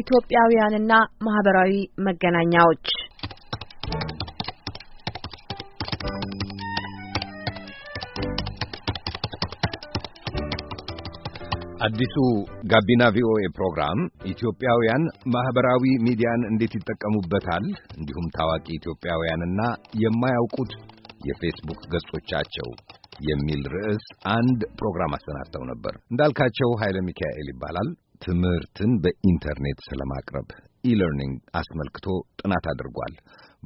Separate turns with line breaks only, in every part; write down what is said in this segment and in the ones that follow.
ኢትዮጵያውያንና ማህበራዊ መገናኛዎች
አዲሱ ጋቢና ቪኦኤ ፕሮግራም ኢትዮጵያውያን ማህበራዊ ሚዲያን እንዴት ይጠቀሙበታል፣ እንዲሁም ታዋቂ ኢትዮጵያውያንና የማያውቁት የፌስቡክ ገጾቻቸው የሚል ርዕስ አንድ ፕሮግራም አሰናድተው ነበር። እንዳልካቸው ኃይለ ሚካኤል ይባላል። ትምህርትን በኢንተርኔት ስለማቅረብ ኢለርኒንግ አስመልክቶ ጥናት አድርጓል።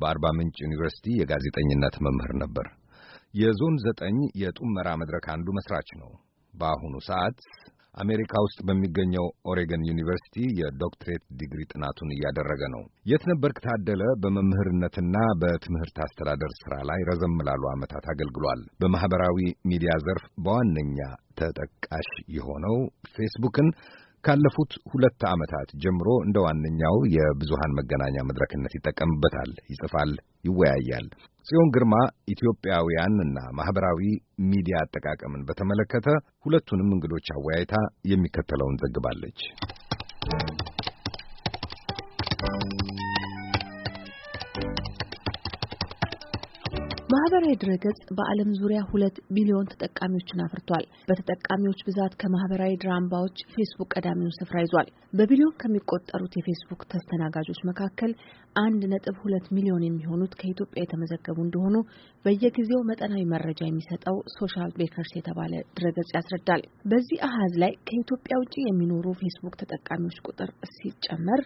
በአርባ ምንጭ ዩኒቨርሲቲ የጋዜጠኝነት መምህር ነበር። የዞን ዘጠኝ የጡመራ መድረክ አንዱ መስራች ነው። በአሁኑ ሰዓት አሜሪካ ውስጥ በሚገኘው ኦሬገን ዩኒቨርሲቲ የዶክትሬት ዲግሪ ጥናቱን እያደረገ ነው። የት ነበርክ ታደለ በመምህርነትና በትምህርት አስተዳደር ስራ ላይ ረዘም ላሉ ዓመታት አገልግሏል። በማህበራዊ ሚዲያ ዘርፍ በዋነኛ ተጠቃሽ የሆነው ፌስቡክን ካለፉት ሁለት ዓመታት ጀምሮ እንደ ዋነኛው የብዙሃን መገናኛ መድረክነት ይጠቀምበታል፣ ይጽፋል፣ ይወያያል። ጽዮን ግርማ ኢትዮጵያውያን እና ማኅበራዊ ሚዲያ አጠቃቀምን በተመለከተ ሁለቱንም እንግዶች አወያይታ የሚከተለውን ዘግባለች።
ማህበራዊ ድረገጽ በዓለም ዙሪያ ሁለት ቢሊዮን ተጠቃሚዎችን አፍርቷል። በተጠቃሚዎች ብዛት ከማህበራዊ ድራምባዎች ፌስቡክ ቀዳሚውን ስፍራ ይዟል። በቢሊዮን ከሚቆጠሩት የፌስቡክ ተስተናጋጆች መካከል አንድ ነጥብ ሁለት ሚሊዮን የሚሆኑት ከኢትዮጵያ የተመዘገቡ እንደሆኑ በየጊዜው መጠናዊ መረጃ የሚሰጠው ሶሻል ቤከርስ የተባለ ድረገጽ ያስረዳል። በዚህ አሀዝ ላይ ከኢትዮጵያ ውጭ የሚኖሩ ፌስቡክ ተጠቃሚዎች ቁጥር ሲጨመር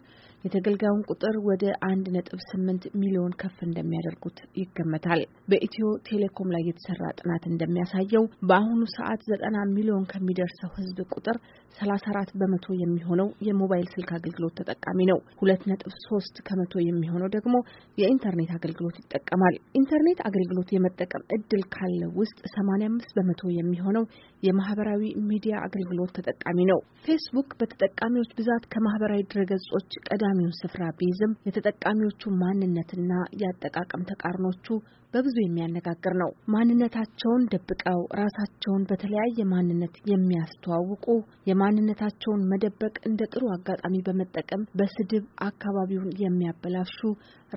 የተገልጋዩን ቁጥር ወደ አንድ ነጥብ ስምንት ሚሊዮን ከፍ እንደሚያደርጉት ይገመታል። በኢትዮ ቴሌኮም ላይ የተሰራ ጥናት እንደሚያሳየው በአሁኑ ሰዓት ዘጠና ሚሊዮን ከሚደርሰው ሕዝብ ቁጥር ሰላሳ አራት በመቶ የሚሆነው የሞባይል ስልክ አገልግሎት ተጠቃሚ ነው። ሁለት ነጥብ ሶስት ከመቶ የሚሆነው ደግሞ የኢንተርኔት አገልግሎት ይጠቀማል። ኢንተርኔት አገልግሎት የመጠቀም እድል ካለ ውስጥ ሰማኒያ አምስት በመቶ የሚሆነው የማህበራዊ ሚዲያ አገልግሎት ተጠቃሚ ነው። ፌስቡክ በተጠቃሚዎች ብዛት ከማህበራዊ ድረገጾች ቀዳሚውን ስፍራ ቢይዝም የተጠቃሚዎቹ ማንነትና የአጠቃቀም ተቃርኖቹ በብዙ የሚያነጋግር ነው። ማንነታቸውን ደብቀው ራሳቸውን በተለያየ ማንነት የሚያስተዋውቁ የማንነታቸውን መደበቅ እንደ ጥሩ አጋጣሚ በመጠቀም በስድብ አካባቢውን የሚያበላሹ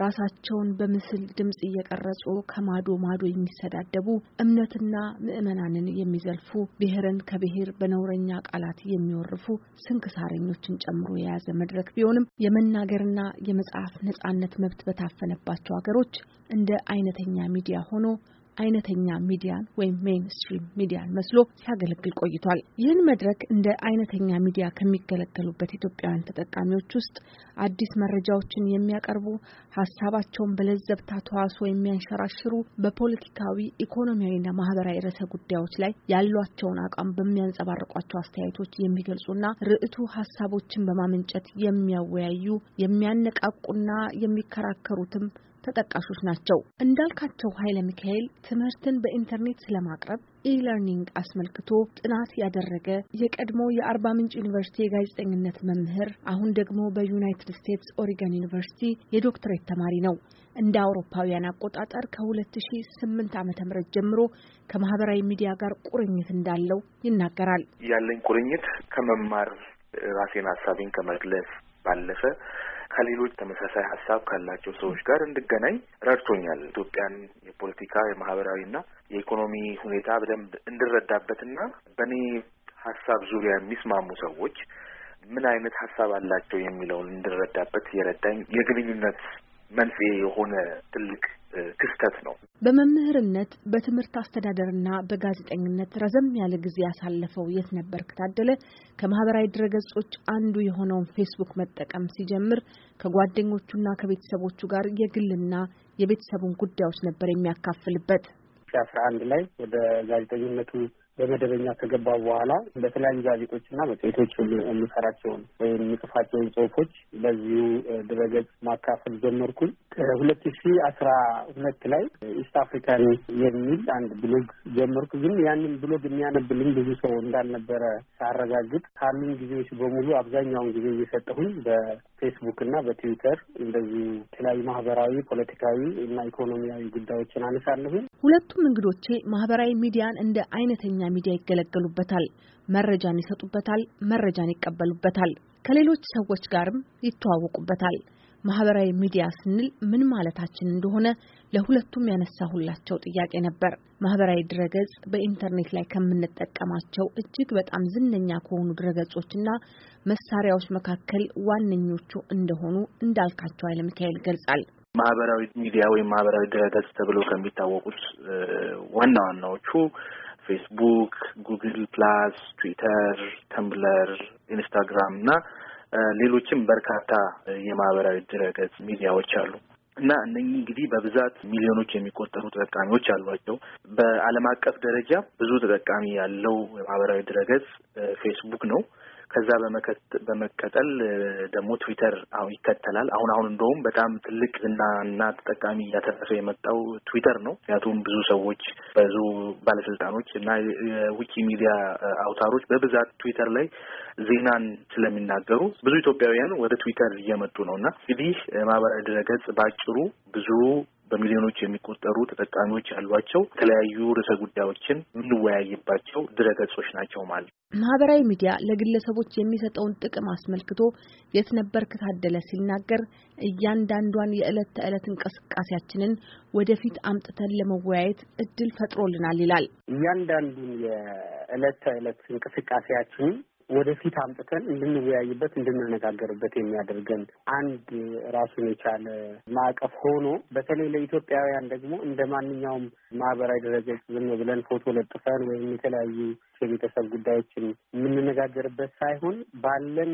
ራሳቸውን በምስል ድምፅ እየቀረጹ ከማዶ ማዶ የሚሰዳደቡ እምነትና ምዕመናንን የሚዘልፉ ብሔርን ከብሔር በነውረኛ ቃላት የሚወርፉ ስንክሳረኞችን ጨምሮ የያዘ መድረክ ቢሆንም የመናገርና የመጽሐፍ ነጻነት መብት በታፈነባቸው ሀገሮች እንደ አይነተኛ ሚዲያ ሆኖ አይነተኛ ሚዲያን ወይም ሜይንስትሪም ሚዲያን መስሎ ሲያገለግል ቆይቷል። ይህን መድረክ እንደ አይነተኛ ሚዲያ ከሚገለገሉበት ኢትዮጵያውያን ተጠቃሚዎች ውስጥ አዲስ መረጃዎችን የሚያቀርቡ፣ ሀሳባቸውን በለዘብታ ተዋሶ የሚያንሸራሽሩ፣ በፖለቲካዊ ኢኮኖሚያዊና ማህበራዊ ርዕሰ ጉዳዮች ላይ ያሏቸውን አቋም በሚያንጸባርቋቸው አስተያየቶች የሚገልጹና ርዕቱ ሀሳቦችን በማመንጨት የሚያወያዩ የሚያነቃቁና የሚከራከሩትም ተጠቃሾች ናቸው። እንዳልካቸው ኃይለ ሚካኤል ትምህርትን በኢንተርኔት ስለማቅረብ ኢለርኒንግ አስመልክቶ ጥናት ያደረገ የቀድሞ የአርባ ምንጭ ዩኒቨርሲቲ የጋዜጠኝነት መምህር አሁን ደግሞ በዩናይትድ ስቴትስ ኦሪገን ዩኒቨርሲቲ የዶክትሬት ተማሪ ነው። እንደ አውሮፓውያን አቆጣጠር ከ2008 ዓ.ም ጀምሮ ከማህበራዊ ሚዲያ ጋር ቁርኝት እንዳለው ይናገራል።
ያለኝ ቁርኝት ከመማር ራሴን ሀሳቤን ከመግለጽ ባለፈ ከሌሎች ተመሳሳይ ሀሳብ ካላቸው ሰዎች ጋር እንድገናኝ ረድቶኛል። ኢትዮጵያን የፖለቲካ የማህበራዊና የኢኮኖሚ ሁኔታ በደንብ እንድረዳበትና በእኔ ሀሳብ ዙሪያ የሚስማሙ ሰዎች ምን አይነት ሀሳብ አላቸው የሚለውን እንድረዳበት የረዳኝ የግንኙነት መንስኤ የሆነ ትልቅ ክስተት
ነው።
በመምህርነት በትምህርት አስተዳደርና በጋዜጠኝነት ረዘም ያለ ጊዜ ያሳለፈው የት ነበር ከታደለ ከማህበራዊ ድረገጾች አንዱ የሆነውን ፌስቡክ መጠቀም ሲጀምር ከጓደኞቹና ከቤተሰቦቹ ጋር የግልና የቤተሰቡን ጉዳዮች ነበር የሚያካፍልበት።
አስራ አንድ ላይ ወደ ጋዜጠኝነቱ በመደበኛ ከገባ በኋላ በተለያዩ ጋዜጦችና መጽሔቶች የምሰራቸውን ወይም የምጽፋቸውን ጽሁፎች በዚሁ ድረገጽ ማካፈል ጀመርኩኝ። ከሁለት ሺ አስራ ሁለት ላይ ኢስት አፍሪካን የሚል አንድ ብሎግ ጀመርኩ። ግን ያንን ብሎግ የሚያነብልኝ ብዙ ሰው እንዳልነበረ ሳረጋግጥ ካሉኝ ጊዜዎች በሙሉ አብዛኛውን ጊዜ እየሰጠሁኝ በፌስቡክ እና በትዊተር እንደዚሁ የተለያዩ ማህበራዊ፣ ፖለቲካዊ እና ኢኮኖሚያዊ ጉዳዮችን አነሳለሁኝ።
ሁለቱም እንግዶቼ ማህበራዊ ሚዲያን እንደ አይነተኛ ሚዲያ ይገለገሉበታል፣ መረጃን ይሰጡበታል፣ መረጃን ይቀበሉበታል፣ ከሌሎች ሰዎች ጋርም ይተዋወቁበታል። ማህበራዊ ሚዲያ ስንል ምን ማለታችን እንደሆነ ለሁለቱም ያነሳሁላቸው ጥያቄ ነበር። ማህበራዊ ድረገጽ በኢንተርኔት ላይ ከምንጠቀማቸው እጅግ በጣም ዝነኛ ከሆኑ ድረገጾችና መሳሪያዎች መካከል ዋነኞቹ እንደሆኑ እንዳልካቸው ኃይለ ሚካኤል ገልጻል።
ማህበራዊ ሚዲያ ወይም ማህበራዊ ድረገጽ ተብለው ከሚታወቁት ዋና ዋናዎቹ ፌስቡክ፣ ጉግል ፕላስ፣ ትዊተር፣ ተምብለር፣ ኢንስታግራም እና ሌሎችም በርካታ የማህበራዊ ድረገጽ ሚዲያዎች አሉ እና እነኚህ እንግዲህ በብዛት ሚሊዮኖች የሚቆጠሩ ተጠቃሚዎች አሏቸው። በዓለም አቀፍ ደረጃ ብዙ ተጠቃሚ ያለው የማህበራዊ ድረገጽ ፌስቡክ ነው። ከዛ በመቀጠል ደግሞ ትዊተር አሁን ይከተላል። አሁን አሁን እንደውም በጣም ትልቅ እና እና ተጠቃሚ እያተረፈ የመጣው ትዊተር ነው። ምክንያቱም ብዙ ሰዎች ብዙ ባለስልጣኖች እና የዊኪ ሚዲያ አውታሮች በብዛት ትዊተር ላይ ዜናን ስለሚናገሩ ብዙ ኢትዮጵያውያን ወደ ትዊተር እየመጡ ነው እና እንግዲህ ማህበራዊ ድረገጽ በአጭሩ ብዙ በሚሊዮኖች የሚቆጠሩ ተጠቃሚዎች ያሏቸው የተለያዩ ርዕሰ ጉዳዮችን የምንወያይባቸው ድረገጾች ናቸው ማለት ነው።
ማህበራዊ ሚዲያ ለግለሰቦች የሚሰጠውን ጥቅም አስመልክቶ የት ነበርክ ታደለ ሲናገር እያንዳንዷን የዕለት ተዕለት እንቅስቃሴያችንን ወደፊት አምጥተን ለመወያየት እድል ፈጥሮልናል ይላል።
እያንዳንዱን የዕለት ተዕለት እንቅስቃሴያችንን ወደፊት አምጥተን እንድንወያይበት እንድንነጋገርበት የሚያደርገን አንድ ራሱን የቻለ ማዕቀፍ ሆኖ በተለይ ለኢትዮጵያውያን ደግሞ እንደ ማንኛውም ማህበራዊ ድረገጽ ዝም ብለን ፎቶ ለጥፈን ወይም የተለያዩ የቤተሰብ ጉዳዮችን የምንነጋገርበት ሳይሆን ባለን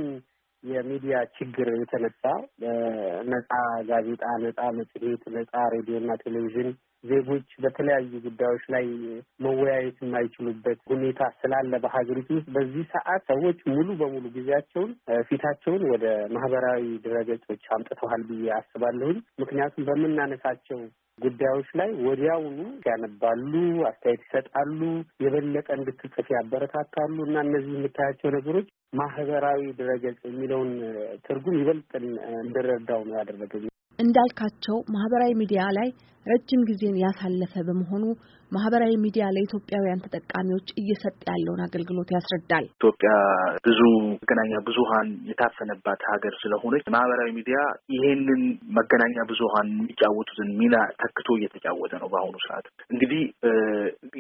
የሚዲያ ችግር የተነሳ ነጻ ጋዜጣ፣ ነጻ መጽሔት፣ ነጻ ሬዲዮና ቴሌቪዥን ዜጎች በተለያዩ ጉዳዮች ላይ መወያየት የማይችሉበት ሁኔታ ስላለ በሀገሪቱ ውስጥ በዚህ ሰዓት ሰዎች ሙሉ በሙሉ ጊዜያቸውን ፊታቸውን ወደ ማህበራዊ ድረገጾች አምጥተዋል ብዬ አስባለሁኝ። ምክንያቱም በምናነሳቸው ጉዳዮች ላይ ወዲያውኑ ያነባሉ፣ አስተያየት ይሰጣሉ፣ የበለጠ እንድትጽፍ ያበረታታሉ እና እነዚህ የምታያቸው ነገሮች ማህበራዊ ድረገጽ የሚለውን ትርጉም ይበልጥ እንድረዳው ነው ያደረገኝ።
እንዳልካቸው ማህበራዊ ሚዲያ ላይ ረጅም ጊዜን ያሳለፈ በመሆኑ ማህበራዊ ሚዲያ ለኢትዮጵያውያን ተጠቃሚዎች እየሰጠ ያለውን አገልግሎት ያስረዳል።
ኢትዮጵያ ብዙ መገናኛ ብዙሀን የታፈነባት ሀገር ስለሆነች ማህበራዊ ሚዲያ ይሄንን መገናኛ ብዙሀን የሚጫወቱትን ሚና ተክቶ እየተጫወተ ነው። በአሁኑ ሰዓት እንግዲህ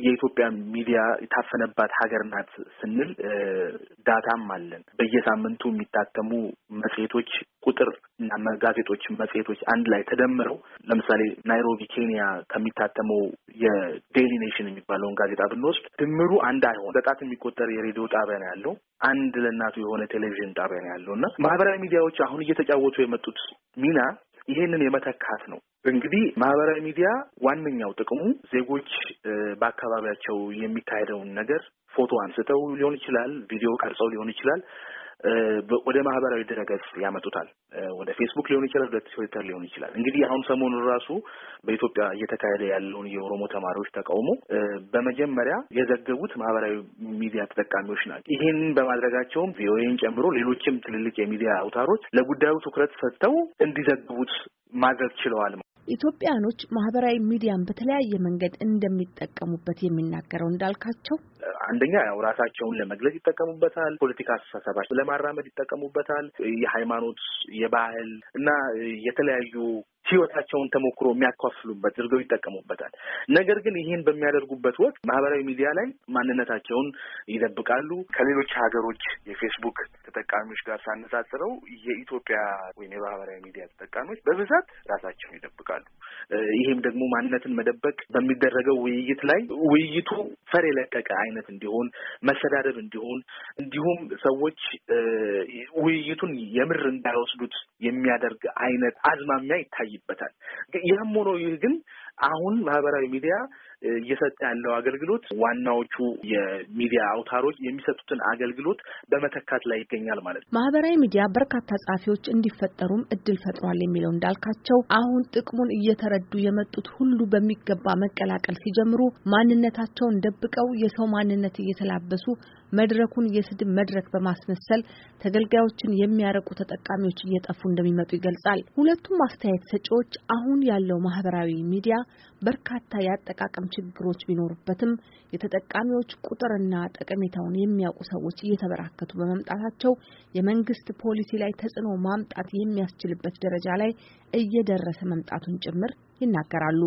የኢትዮጵያ ሚዲያ የታፈነባት ሀገር ናት ስንል ዳታም አለን። በየሳምንቱ የሚታተሙ መጽሔቶች ቁጥር እና ጋዜጦች፣ መጽሔቶች አንድ ላይ ተደምረው ለምሳሌ ናይሮቢ ኬንያ ከሚታተመው የዴይሊ ኔሽን የሚባለውን ጋዜጣ ብንወስድ ድምሩ አንድ አይሆን በጣት የሚቆጠር የሬዲዮ ጣቢያ ነው ያለው። አንድ ለእናቱ የሆነ ቴሌቪዥን ጣቢያ ነው ያለው እና ማህበራዊ ሚዲያዎች አሁን እየተጫወቱ የመጡት ሚና ይሄንን የመተካት ነው። እንግዲህ ማህበራዊ ሚዲያ ዋነኛው ጥቅሙ ዜጎች በአካባቢያቸው የሚካሄደውን ነገር ፎቶ አንስተው ሊሆን ይችላል፣ ቪዲዮ ቀርጸው ሊሆን ይችላል ወደ ማህበራዊ ድረገጽ ያመጡታል። ወደ ፌስቡክ ሊሆን ይችላል፣ ወደ ትዊተር ሊሆን ይችላል። እንግዲህ አሁን ሰሞኑን ራሱ በኢትዮጵያ እየተካሄደ ያለውን የኦሮሞ ተማሪዎች ተቃውሞ በመጀመሪያ የዘገቡት ማህበራዊ ሚዲያ ተጠቃሚዎች ናቸው። ይህን በማድረጋቸውም ቪኦኤን ጨምሮ ሌሎችም ትልልቅ የሚዲያ አውታሮች ለጉዳዩ ትኩረት ሰጥተው እንዲዘግቡት ማድረግ ችለዋል።
ኢትዮጵያኖች ማህበራዊ ሚዲያን በተለያየ መንገድ እንደሚጠቀሙበት የሚናገረው እንዳልካቸው
አንደኛ ያው ራሳቸውን ለመግለጽ ይጠቀሙበታል። ፖለቲካ አስተሳሰባቸው ለማራመድ ይጠቀሙበታል። የሃይማኖት፣ የባህል እና የተለያዩ ህይወታቸውን ተሞክሮ የሚያካፍሉበት እርገው ይጠቀሙበታል። ነገር ግን ይህን በሚያደርጉበት ወቅት ማህበራዊ ሚዲያ ላይ ማንነታቸውን ይደብቃሉ። ከሌሎች ሀገሮች የፌስቡክ ተጠቃሚዎች ጋር ሳነጻጽረው የኢትዮጵያ ወይም የማህበራዊ ሚዲያ ተጠቃሚዎች በብዛት ራሳቸውን ይደብቃሉ። ይህም ደግሞ ማንነትን መደበቅ በሚደረገው ውይይት ላይ ውይይቱ ፈር የለቀቀ አይነት እንዲሆን፣ መሰዳደብ እንዲሆን እንዲሁም ሰዎች ውይይቱን የምር እንዳይወስዱት የሚያደርግ አይነት አዝማሚያ ይታያል። ይታይበታል። ያም ሆኖ ይህ ግን አሁን ማህበራዊ ሚዲያ እየሰጠ ያለው አገልግሎት ዋናዎቹ የሚዲያ አውታሮች የሚሰጡትን አገልግሎት በመተካት ላይ ይገኛል ማለት ነው።
ማህበራዊ ሚዲያ በርካታ ጸሐፊዎች እንዲፈጠሩም እድል ፈጥሯል የሚለው እንዳልካቸው አሁን ጥቅሙን እየተረዱ የመጡት ሁሉ በሚገባ መቀላቀል ሲጀምሩ ማንነታቸውን ደብቀው የሰው ማንነት እየተላበሱ መድረኩን የስድብ መድረክ በማስመሰል ተገልጋዮችን የሚያረቁ ተጠቃሚዎች እየጠፉ እንደሚመጡ ይገልጻል። ሁለቱም አስተያየት ሰጪዎች አሁን ያለው ማህበራዊ ሚዲያ በርካታ የአጠቃቀም ችግሮች ቢኖሩበትም የተጠቃሚዎች ቁጥርና ጠቀሜታውን የሚያውቁ ሰዎች እየተበራከቱ በመምጣታቸው የመንግስት ፖሊሲ ላይ ተጽዕኖ ማምጣት የሚያስችልበት ደረጃ ላይ እየደረሰ መምጣቱን ጭምር ይናገራሉ።